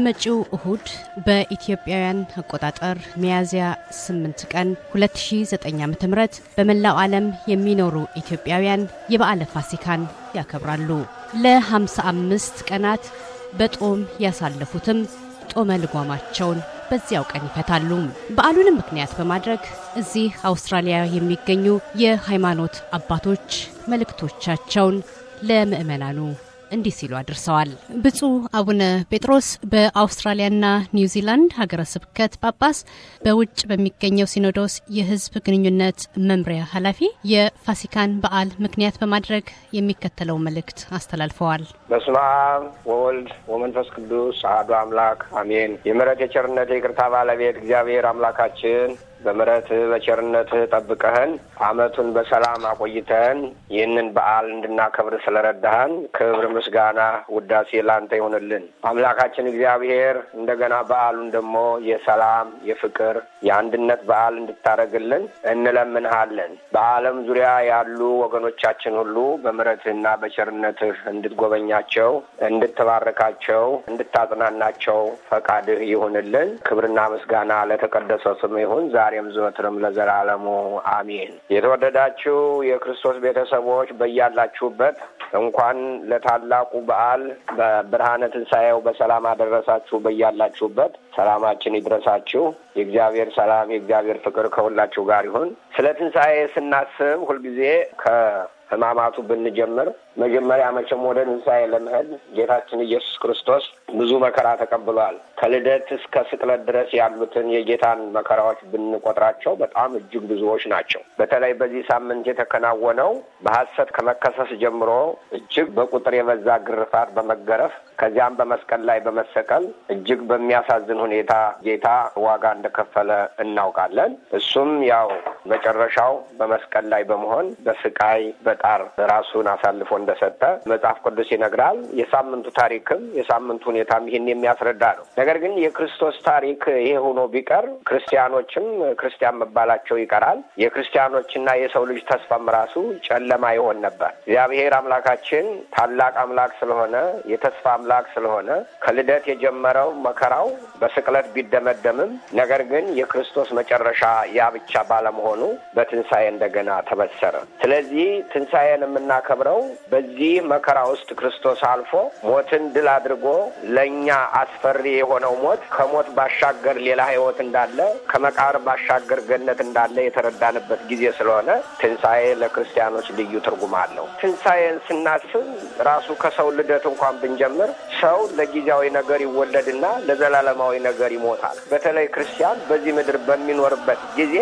በመጪው እሁድ በኢትዮጵያውያን አቆጣጠር ሚያዝያ 8 ቀን 2009 ዓ.ም በመላው ዓለም የሚኖሩ ኢትዮጵያውያን የበዓለ ፋሲካን ያከብራሉ። ለ55 ቀናት በጦም ያሳለፉትም ጦመ ልጓማቸውን በዚያው ቀን ይፈታሉ። በዓሉንም ምክንያት በማድረግ እዚህ አውስትራሊያ የሚገኙ የሃይማኖት አባቶች መልእክቶቻቸውን ለምእመናኑ እንዲህ ሲሉ አድርሰዋል። ብፁዕ አቡነ ጴጥሮስ በአውስትራሊያና ኒውዚላንድ ሀገረ ስብከት ጳጳስ፣ በውጭ በሚገኘው ሲኖዶስ የሕዝብ ግንኙነት መምሪያ ኃላፊ የፋሲካን በዓል ምክንያት በማድረግ የሚከተለው መልእክት አስተላልፈዋል። በስመ አብ ወወልድ ወመንፈስ ቅዱስ አሐዱ አምላክ አሜን። የምሕረት የቸርነት የይቅርታ ባለቤት እግዚአብሔር አምላካችን በምረት በቸርነት ጠብቀህን አመቱን በሰላም አቆይተህን ይህንን በዓል እንድናከብር ስለረዳህን ክብር፣ ምስጋና፣ ውዳሴ ላንተ ይሆንልን። አምላካችን እግዚአብሔር እንደገና በዓሉን ደግሞ የሰላም የፍቅር፣ የአንድነት በዓል እንድታደርግልን እንለምንሃለን። በዓለም ዙሪያ ያሉ ወገኖቻችን ሁሉ በምረትህና በቸርነትህ እንድትጎበኛቸው፣ እንድትባርካቸው፣ እንድታጽናናቸው ፈቃድህ ይሆንልን። ክብርና ምስጋና ለተቀደሰ ስም ይሁን። ዛሬም ዘወትርም ለዘላለሙ አሚን። የተወደዳችሁ የክርስቶስ ቤተሰቦች በያላችሁበት እንኳን ለታላቁ በዓል በብርሃነ ትንሣኤው በሰላም አደረሳችሁ። በያላችሁበት ሰላማችን ይድረሳችሁ። የእግዚአብሔር ሰላም የእግዚአብሔር ፍቅር ከሁላችሁ ጋር ይሁን። ስለ ትንሣኤ ስናስብ ሁልጊዜ ከህማማቱ ብንጀምር መጀመሪያ መቼም ወደ ንስሐ ለመሄድ ጌታችን ኢየሱስ ክርስቶስ ብዙ መከራ ተቀብሏል። ከልደት እስከ ስቅለት ድረስ ያሉትን የጌታን መከራዎች ብንቆጥራቸው በጣም እጅግ ብዙዎች ናቸው። በተለይ በዚህ ሳምንት የተከናወነው በሐሰት ከመከሰስ ጀምሮ እጅግ በቁጥር የበዛ ግርፋት በመገረፍ ከዚያም በመስቀል ላይ በመሰቀል እጅግ በሚያሳዝን ሁኔታ ጌታ ዋጋ እንደከፈለ እናውቃለን። እሱም ያው መጨረሻው በመስቀል ላይ በመሆን በስቃይ በጣር ራሱን አሳልፎ እንደሰጠ መጽሐፍ ቅዱስ ይነግራል። የሳምንቱ ታሪክም የሳምንቱ ሁኔታም ይህን የሚያስረዳ ነው። ነገር ግን የክርስቶስ ታሪክ ይሄ ሆኖ ቢቀር ክርስቲያኖችም ክርስቲያን መባላቸው ይቀራል። የክርስቲያኖችና የሰው ልጅ ተስፋም ራሱ ጨለማ ይሆን ነበር። እግዚአብሔር አምላካችን ታላቅ አምላክ ስለሆነ የተስፋ አምላክ ስለሆነ ከልደት የጀመረው መከራው በስቅለት ቢደመደምም ነገር ግን የክርስቶስ መጨረሻ ያ ብቻ ባለመሆኑ በትንሣኤ እንደገና ተበሰረ። ስለዚህ ትንሣኤን የምናከብረው በዚህ መከራ ውስጥ ክርስቶስ አልፎ ሞትን ድል አድርጎ ለእኛ አስፈሪ የሆነው ሞት ከሞት ባሻገር ሌላ ሕይወት እንዳለ ከመቃር ባሻገር ገነት እንዳለ የተረዳንበት ጊዜ ስለሆነ ትንሣኤ ለክርስቲያኖች ልዩ ትርጉም አለው። ትንሣኤን ስናስብ ራሱ ከሰው ልደት እንኳን ብንጀምር ሰው ለጊዜያዊ ነገር ይወለድና ለዘላለማዊ ነገር ይሞታል። በተለይ ክርስቲያን በዚህ ምድር በሚኖርበት ጊዜ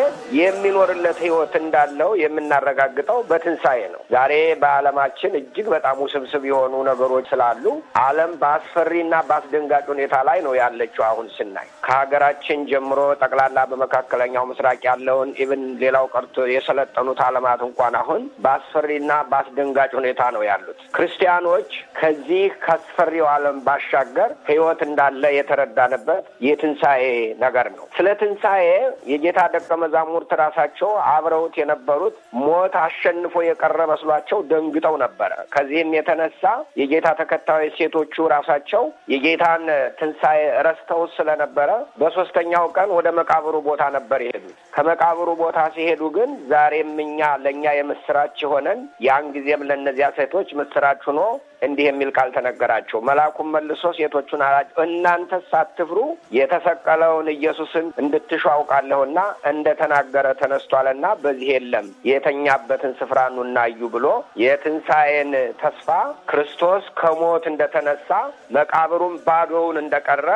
የሚኖርለት ሕይወት እንዳለው የምናረጋግጠው በትንሣኤ ነው። ዛሬ በዓለማችን እጅግ በጣም ውስብስብ የሆኑ ነገሮች ስላሉ ዓለም በአስፈሪና በአስደንጋጭ ሁኔታ ላይ ነው ያለችው። አሁን ስናይ ከሀገራችን ጀምሮ ጠቅላላ በመካከለኛው ምስራቅ ያለውን ኢብን ሌላው ቀርቶ የሰለጠኑት ዓለማት እንኳን አሁን በአስፈሪና በአስደንጋጭ ሁኔታ ነው ያሉት። ክርስቲያኖች ከዚህ ከአስፈሪው ዓለም ባሻገር ሕይወት እንዳለ የተረዳንበት የትንሣኤ ነገር ነው። ስለ ትንሣኤ የጌታ ደቀ መዛሙርት ራሳቸው አብረውት የነበሩት ሞት አሸንፎ የቀረ መስሏቸው ደንግጠው ነበር። ነበረ። ከዚህም የተነሳ የጌታ ተከታዮች ሴቶቹ ራሳቸው የጌታን ትንሣኤ ረስተው ስለነበረ በሶስተኛው ቀን ወደ መቃብሩ ቦታ ነበር የሄዱ ከመቃብሩ ቦታ ሲሄዱ ግን ዛሬም እኛ ለእኛ የምስራች የሆነን ያን ጊዜም ለእነዚያ ሴቶች ምስራች ሆኖ እንዲህ የሚል ቃል ተነገራቸው። መልአኩም መልሶ ሴቶቹን አላቸው፣ እናንተስ አትፍሩ፣ የተሰቀለውን ኢየሱስን እንድትሹ አውቃለሁና እንደ ተናገረ ተነስቷልና በዚህ የለም፣ የተኛበትን ስፍራ ኑና እዩ ብሎ የትንሣኤን ተስፋ ክርስቶስ ከሞት እንደተነሳ መቃብሩም ባዶውን እንደቀረ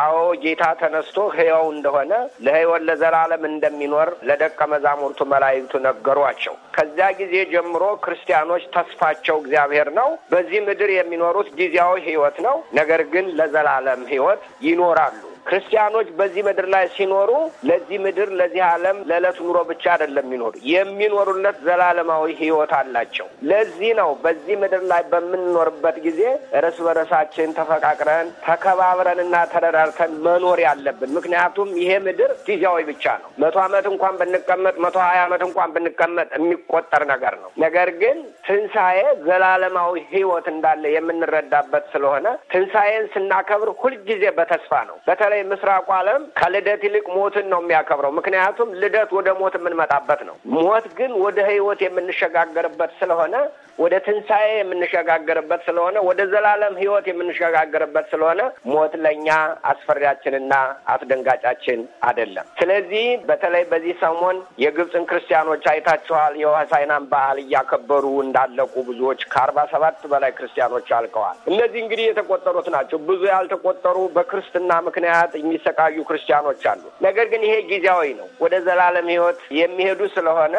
አዎ ጌታ ተነስቶ ሕያው እንደሆነ ለሕይወት ለዘላለም እንደሚኖር ለደቀ መዛሙርቱ መላእክቱ ነገሯቸው። ከዚያ ጊዜ ጀምሮ ክርስቲያኖች ተስፋቸው እግዚአብሔር ነው። በዚህም ምድር የሚኖሩት ጊዜያዊ ህይወት ነው። ነገር ግን ለዘላለም ህይወት ይኖራሉ። ክርስቲያኖች በዚህ ምድር ላይ ሲኖሩ ለዚህ ምድር ለዚህ ዓለም ለዕለት ኑሮ ብቻ አይደለም የሚኖሩ የሚኖሩለት ዘላለማዊ ህይወት አላቸው። ለዚህ ነው በዚህ ምድር ላይ በምንኖርበት ጊዜ እርስ በርሳችን ተፈቃቅረን ተከባብረንና ተደራርተን መኖር ያለብን። ምክንያቱም ይሄ ምድር ጊዜያዊ ብቻ ነው። መቶ ዓመት እንኳን ብንቀመጥ፣ መቶ ሀያ ዓመት እንኳን ብንቀመጥ የሚቆጠር ነገር ነው። ነገር ግን ትንሣኤ ዘላለማዊ ህይወት እንዳለ የምንረዳበት ስለሆነ ትንሣኤን ስናከብር ሁልጊዜ በተስፋ ነው። በተለይ ምስራቁ ዓለም ከልደት ይልቅ ሞትን ነው የሚያከብረው። ምክንያቱም ልደት ወደ ሞት የምንመጣበት ነው። ሞት ግን ወደ ህይወት የምንሸጋገርበት ስለሆነ ወደ ትንሣኤ የምንሸጋገርበት ስለሆነ ወደ ዘላለም ህይወት የምንሸጋገርበት ስለሆነ ሞት ለእኛ አስፈሪያችንና አስደንጋጫችን አይደለም። ስለዚህ በተለይ በዚህ ሰሞን የግብፅን ክርስቲያኖች አይታችኋል። የሆሳዕናን በዓል እያከበሩ እንዳለቁ ብዙዎች ከአርባ ሰባት በላይ ክርስቲያኖች አልቀዋል። እነዚህ እንግዲህ የተቆጠሩት ናቸው። ብዙ ያልተቆጠሩ በክርስትና ምክንያት የሚሰቃዩ ክርስቲያኖች አሉ። ነገር ግን ይሄ ጊዜያዊ ነው። ወደ ዘላለም ህይወት የሚሄዱ ስለሆነ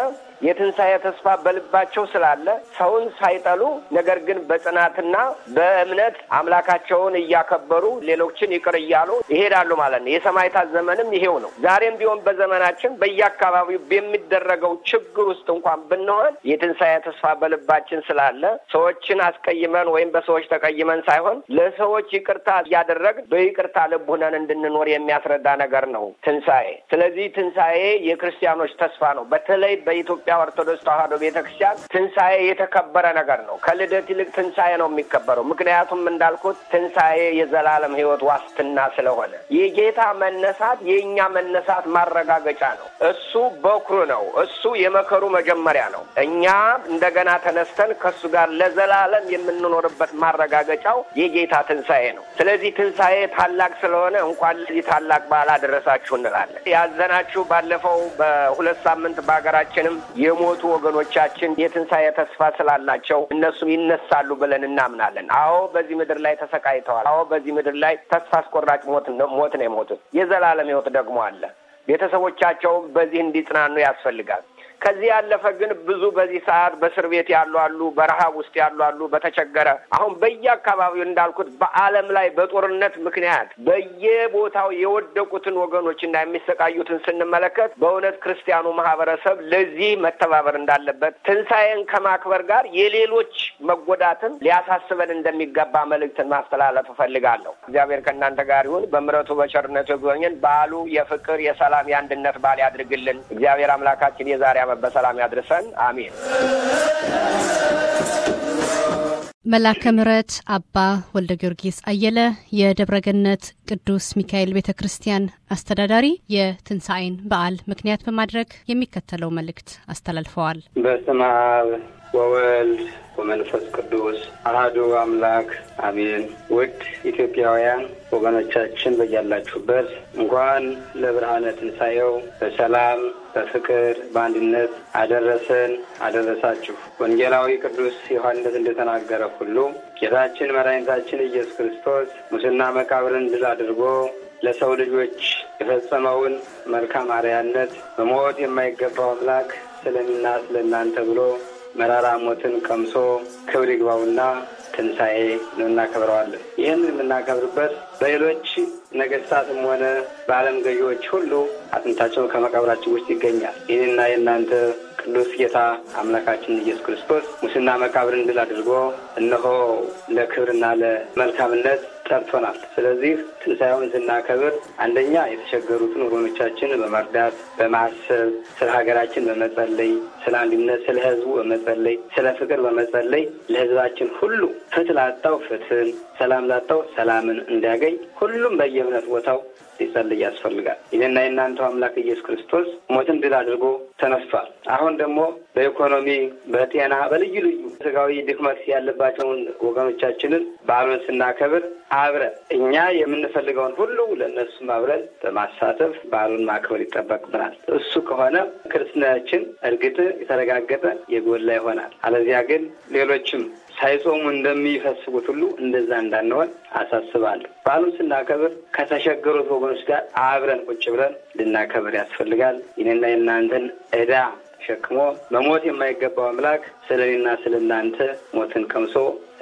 የትንሣኤ ተስፋ በልባቸው ስላለ ሰውን ሳይጠሉ ነገር ግን በጽናትና በእምነት አምላካቸውን እያከበሩ ሌሎችን ይቅር እያሉ ይሄዳሉ ማለት ነው። የሰማዕታት ዘመንም ይሄው ነው። ዛሬም ቢሆን በዘመናችን በየአካባቢው በሚደረገው ችግር ውስጥ እንኳን ብንሆን የትንሣኤ ተስፋ በልባችን ስላለ ሰዎችን አስቀይመን ወይም በሰዎች ተቀይመን ሳይሆን ለሰዎች ይቅርታ እያደረግን በይቅርታ ልብ ሆነን እንድንኖር የሚያስረዳ ነገር ነው ትንሣኤ። ስለዚህ ትንሣኤ የክርስቲያኖች ተስፋ ነው። በተለይ በኢትዮጵያ የኢትዮጵያ ኦርቶዶክስ ተዋሕዶ ቤተክርስቲያን ትንሣኤ የተከበረ ነገር ነው። ከልደት ይልቅ ትንሣኤ ነው የሚከበረው። ምክንያቱም እንዳልኩት ትንሣኤ የዘላለም ህይወት ዋስትና ስለሆነ የጌታ መነሳት የእኛ መነሳት ማረጋገጫ ነው። እሱ በኩሩ ነው። እሱ የመከሩ መጀመሪያ ነው። እኛ እንደገና ተነስተን ከእሱ ጋር ለዘላለም የምንኖርበት ማረጋገጫው የጌታ ትንሣኤ ነው። ስለዚህ ትንሣኤ ታላቅ ስለሆነ እንኳን ለዚህ ታላቅ በዓል አደረሳችሁ እንላለን። ያዘናችሁ ባለፈው በሁለት ሳምንት በሀገራችንም የሞቱ ወገኖቻችን የትንሣኤ ተስፋ ስላላቸው እነሱም ይነሳሉ ብለን እናምናለን። አዎ በዚህ ምድር ላይ ተሰቃይተዋል። አዎ በዚህ ምድር ላይ ተስፋ አስቆራጭ ሞት ሞት ነው የሞቱት። የዘላለም ህይወት ደግሞ አለ። ቤተሰቦቻቸውም በዚህ እንዲጽናኑ ያስፈልጋል። ከዚህ ያለፈ ግን ብዙ በዚህ ሰዓት በእስር ቤት ያሉ አሉ፣ በረሃብ ውስጥ ያሉ አሉ፣ በተቸገረ አሁን በየአካባቢው እንዳልኩት በዓለም ላይ በጦርነት ምክንያት በየቦታው የወደቁትን ወገኖችና የሚሰቃዩትን ስንመለከት በእውነት ክርስቲያኑ ማህበረሰብ ለዚህ መተባበር እንዳለበት ትንሣኤን ከማክበር ጋር የሌሎች መጎዳትን ሊያሳስበን እንደሚገባ መልእክትን ማስተላለፍ እፈልጋለሁ። እግዚአብሔር ከእናንተ ጋር ይሁን። በምረቱ በቸርነቱ ይጎብኘን። በዓሉ የፍቅር የሰላም፣ የአንድነት በዓል ያድርግልን። እግዚአብሔር አምላካችን የዛሬ በሰላም ያድርሰን። አሚን። መላከ ምሕረት አባ ወልደ ጊዮርጊስ አየለ የደብረገነት ቅዱስ ሚካኤል ቤተ ክርስቲያን አስተዳዳሪ የትንሣኤን በዓል ምክንያት በማድረግ የሚከተለው መልእክት አስተላልፈዋል። በስመ አብ ወወልድ ወመንፈስ ቅዱስ አህዱ አምላክ አሜን። ውድ ኢትዮጵያውያን ወገኖቻችን በያላችሁበት እንኳን ለብርሃነ ትንሣኤው በሰላም በፍቅር በአንድነት አደረሰን አደረሳችሁ። ወንጌላዊ ቅዱስ ዮሐንስ እንደተናገረ ሁሉ ጌታችን መድኃኒታችን ኢየሱስ ክርስቶስ ሙስና መቃብርን ድል አድርጎ ለሰው ልጆች የፈጸመውን መልካም አርያነት በሞት የማይገባው አምላክ ስለሚና እናንተ ብሎ መራራ ሞትን ቀምሶ ክብር ይግባውና ትንሣኤ ነው እናከብረዋለን። ይህን የምናከብርበት በሌሎች ነገስታትም ሆነ በዓለም ገዢዎች ሁሉ አጥንታቸው ከመቃብራችን ውስጥ ይገኛል። ይህንና የእናንተ ቅዱስ ጌታ አምላካችን ኢየሱስ ክርስቶስ ሙስና መቃብርን ድል አድርጎ እነሆ ለክብርና ለመልካምነት ጠርቶናል። ስለዚህ ትንሣኤውን ስናከብር አንደኛ የተቸገሩትን ወገኖቻችን በመርዳት በማሰብ ስለ ሀገራችን በመጸለይ ስለ አንድነት፣ ስለ ህዝቡ በመጸለይ ስለ ፍቅር በመጸለይ ለህዝባችን ሁሉ ፍትህ ላጣው ፍትህን፣ ሰላም ላጣው ሰላምን እንዲያገኝ ሁሉም በየእምነት ቦታው ሊጸልይ ያስፈልጋል። ይህና የእናንተው አምላክ ኢየሱስ ክርስቶስ ሞትን ድል አድርጎ ተነስቷል። አሁን ደግሞ በኢኮኖሚ፣ በጤና፣ በልዩ ልዩ ስጋዊ ድክመት ያለባቸውን ወገኖቻችንን በዓሉን ስናከብር አብረን እኛ የምንፈልገውን ሁሉ ለእነሱም አብረን በማሳተፍ በዓሉን ማክበር ይጠበቅብናል። እሱ ከሆነ ክርስትናችን እርግጥ የተረጋገጠ የጎላ ይሆናል። አለዚያ ግን ሌሎችም ሳይጾሙ እንደሚፈስጉት ሁሉ እንደዛ እንዳንሆን አሳስባለሁ። በዓሉን ስናከብር ከተሸገሩት ወገኖች ጋር አብረን ቁጭ ብለን ልናከብር ያስፈልጋል። ይህንና የእናንተን እዳ ተሸክሞ መሞት የማይገባው አምላክ ስለኔና ስለ እናንተ ሞትን ቀምሶ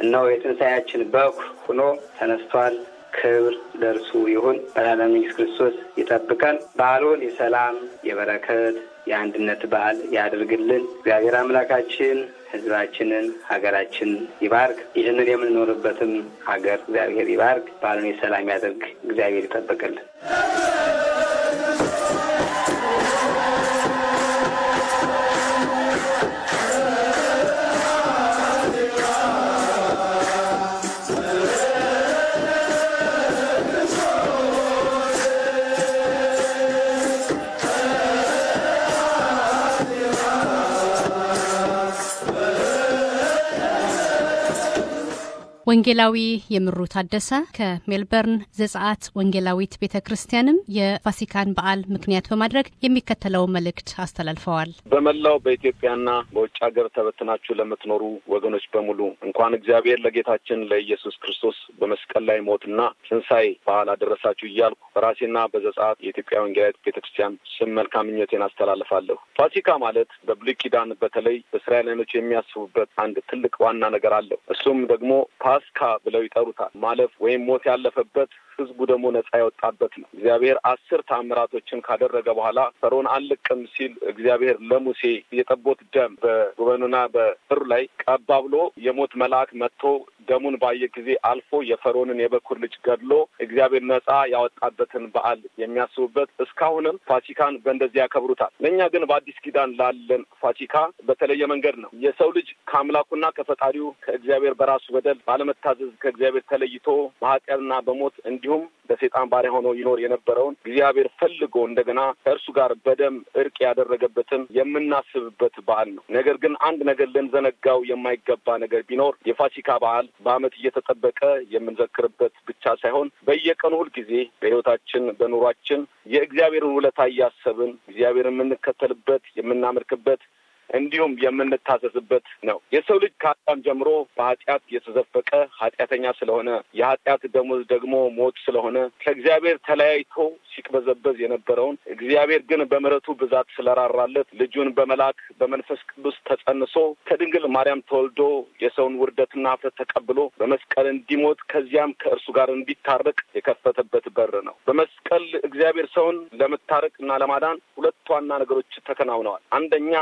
እነሆ የትንሣኤያችን በኩር ሆኖ ተነስቷል። ክብር ለእርሱ ይሁን። መድኃኒታችን ኢየሱስ ክርስቶስ ይጠብቀን። በዓሉን የሰላም የበረከት የአንድነት በዓል ያድርግልን። እግዚአብሔር አምላካችን ሕዝባችንን ሀገራችን ይባርክ። ይህንን የምንኖርበትም ሀገር እግዚአብሔር ይባርክ። በዓሉን የሰላም ያደርግ እግዚአብሔር ይጠብቅልን። ወንጌላዊ የምሩ ታደሰ ከሜልበርን ዘጸአት ወንጌላዊት ቤተ ክርስቲያንም የፋሲካን በዓል ምክንያት በማድረግ የሚከተለው መልእክት አስተላልፈዋል። በመላው በኢትዮጵያና በውጭ ሀገር ተበትናችሁ ለምትኖሩ ወገኖች በሙሉ እንኳን እግዚአብሔር ለጌታችን ለኢየሱስ ክርስቶስ በመስቀል ላይ ሞትና ትንሣኤ በዓል አደረሳችሁ እያልኩ በራሴና በዘጸአት የኢትዮጵያ ወንጌላዊት ቤተ ክርስቲያን ስም መልካም ምኞቴን አስተላልፋለሁ። ፋሲካ ማለት በብሉይ ኪዳን በተለይ እስራኤላውያኖች የሚያስቡበት አንድ ትልቅ ዋና ነገር አለው። እሱም ደግሞ ፓስካ ብለው ይጠሩታል። ማለፍ ወይም ሞት ያለፈበት ህዝቡ ደግሞ ነጻ የወጣበት ነው። እግዚአብሔር አስር ታምራቶችን ካደረገ በኋላ ፈርዖን አልቅም ሲል እግዚአብሔር ለሙሴ የጠቦት ደም በጉበኑና በእሩ ላይ ቀባ ብሎ የሞት መልአክ መጥቶ ደሙን ባየ ጊዜ አልፎ የፈሮንን የበኩር ልጅ ገድሎ እግዚአብሔር ነጻ ያወጣበትን በዓል የሚያስቡበት እስካሁንም ፋሲካን በእንደዚህ ያከብሩታል። ለእኛ ግን በአዲስ ኪዳን ላለን ፋሲካ በተለየ መንገድ ነው። የሰው ልጅ ከአምላኩና ከፈጣሪው ከእግዚአብሔር በራሱ በደል ባለመታዘዝ ከእግዚአብሔር ተለይቶ በኃጢአትና በሞት እንዲሁም በሴጣን ባሪያ ሆኖ ይኖር የነበረውን እግዚአብሔር ፈልጎ እንደገና ከእርሱ ጋር በደም እርቅ ያደረገበትን የምናስብበት በዓል ነው። ነገር ግን አንድ ነገር ልንዘነጋው የማይገባ ነገር ቢኖር የፋሲካ በዓል በአመት እየተጠበቀ የምንዘክርበት ብቻ ሳይሆን በየቀኑ ሁልጊዜ በህይወታችን በኑሯችን የእግዚአብሔርን ውለታ እያሰብን እግዚአብሔር የምንከተልበት የምናመልክበት እንዲሁም የምንታዘዝበት ነው። የሰው ልጅ ከአዳም ጀምሮ በኃጢአት የተዘፈቀ ኃጢአተኛ ስለሆነ የኃጢአት ደሞዝ ደግሞ ሞት ስለሆነ ከእግዚአብሔር ተለያይቶ ሲቅበዘበዝ የነበረውን እግዚአብሔር ግን በምሕረቱ ብዛት ስለራራለት ልጁን በመላክ በመንፈስ ቅዱስ ተጸንሶ ከድንግል ማርያም ተወልዶ የሰውን ውርደትና ሀፍረት ተቀብሎ በመስቀል እንዲሞት ከዚያም ከእርሱ ጋር እንዲታረቅ የከፈተበት በር ነው። በመስቀል እግዚአብሔር ሰውን ለመታረቅ እና ለማዳን ሁለት ዋና ነገሮች ተከናውነዋል። አንደኛ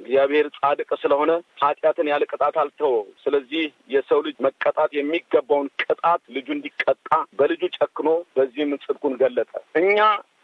እግዚአብሔር ጻድቅ ስለሆነ ኃጢአትን ያለ ቅጣት አልተወ። ስለዚህ የሰው ልጅ መቀጣት የሚገባውን ቅጣት ልጁ እንዲቀጣ በልጁ ጨክኖ በዚህም ጽድቁን ገለጠ። እኛ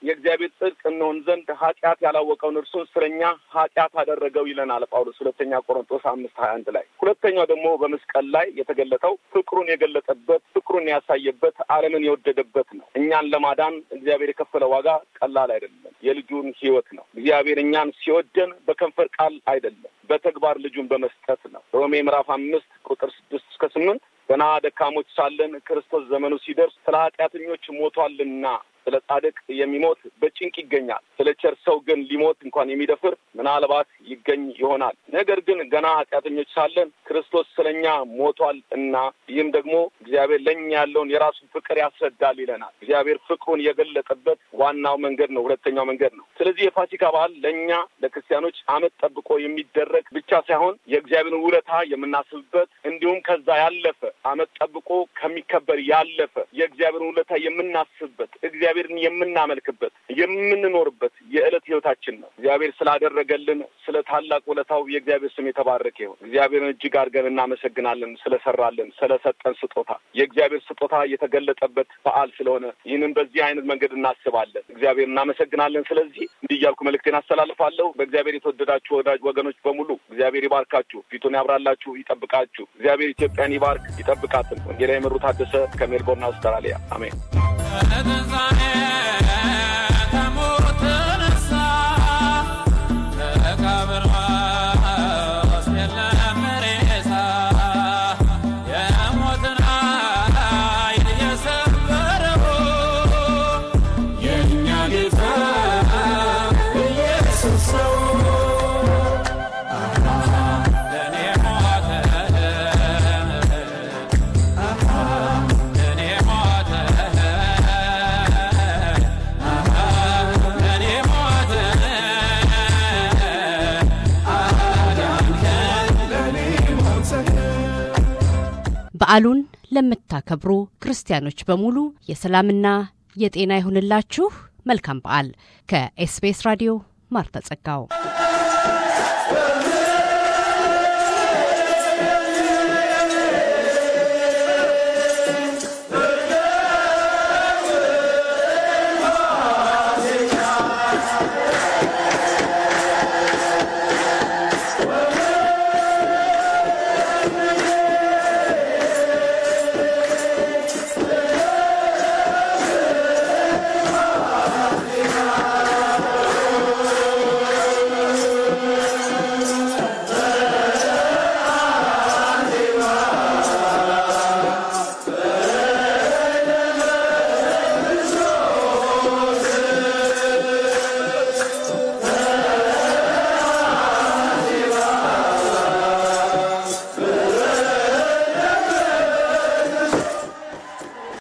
የእግዚአብሔር ጽድቅ እንሆን ዘንድ ኃጢአት ያላወቀውን እርሱን እስረኛ ኃጢአት አደረገው ይለናል ጳውሎስ ሁለተኛ ቆሮንጦስ አምስት ሀያ አንድ ላይ። ሁለተኛው ደግሞ በመስቀል ላይ የተገለጠው ፍቅሩን የገለጠበት ፍቅሩን ያሳየበት ዓለምን የወደደበት ነው። እኛን ለማዳን እግዚአብሔር የከፈለ ዋጋ ቀላል አይደለም። የልጁን ህይወት ነው። እግዚአብሔር እኛን ሲወደን በከንፈር ቃል አይደለም፣ በተግባር ልጁን በመስጠት ነው። ሮሜ ምዕራፍ አምስት ቁጥር ስድስት እስከ ስምንት ገና ደካሞች ሳለን ክርስቶስ ዘመኑ ሲደርስ ስለ ኃጢአተኞች ሞቷልና ስለ ጻድቅ የሚሞት በጭንቅ ይገኛል። ስለ ቸር ሰው ግን ሊሞት እንኳን የሚደፍር ምናልባት ይገኝ ይሆናል። ነገር ግን ገና ኃጢአተኞች ሳለን ክርስቶስ ስለ እኛ ሞቷል እና ይህም ደግሞ እግዚአብሔር ለእኛ ያለውን የራሱን ፍቅር ያስረዳል ይለናል። እግዚአብሔር ፍቅሩን የገለጠበት ዋናው መንገድ ነው፣ ሁለተኛው መንገድ ነው። ስለዚህ የፋሲካ በዓል ለእኛ ለክርስቲያኖች ዓመት ጠብቆ የሚደረግ ብቻ ሳይሆን የእግዚአብሔርን ውለታ የምናስብበት እንዲሁም ከዛ ያለፈ ዓመት ጠብቆ ከሚከበር ያለፈ የእግዚአብሔርን ውለታ የምናስብበት እግዚአብሔር እግዚአብሔርን የምናመልክበት የምንኖርበት የዕለት ህይወታችን ነው። እግዚአብሔር ስላደረገልን ስለ ታላቅ ውለታው የእግዚአብሔር ስም የተባረከ ይሁን። እግዚአብሔርን እጅግ አድርገን እናመሰግናለን ስለሰራልን፣ ስለሰጠን ስጦታ። የእግዚአብሔር ስጦታ የተገለጠበት በዓል ስለሆነ ይህንን በዚህ አይነት መንገድ እናስባለን። እግዚአብሔር እናመሰግናለን። ስለዚህ እንዲህ እያልኩ መልእክቴን አስተላልፋለሁ። በእግዚአብሔር የተወደዳችሁ ወዳጅ ወገኖች በሙሉ እግዚአብሔር ይባርካችሁ፣ ፊቱን ያብራላችሁ፣ ይጠብቃችሁ። እግዚአብሔር ኢትዮጵያን ይባርክ ይጠብቃትም። ወንጌላ የምሩ ታደሰ ከሜልቦርን አውስትራሊያ። አሜን። heavens I am. በዓሉን ለምታከብሩ ክርስቲያኖች በሙሉ የሰላምና የጤና ይሁንላችሁ። መልካም በዓል። ከኤስቢኤስ ራዲዮ ማርታ ጸጋው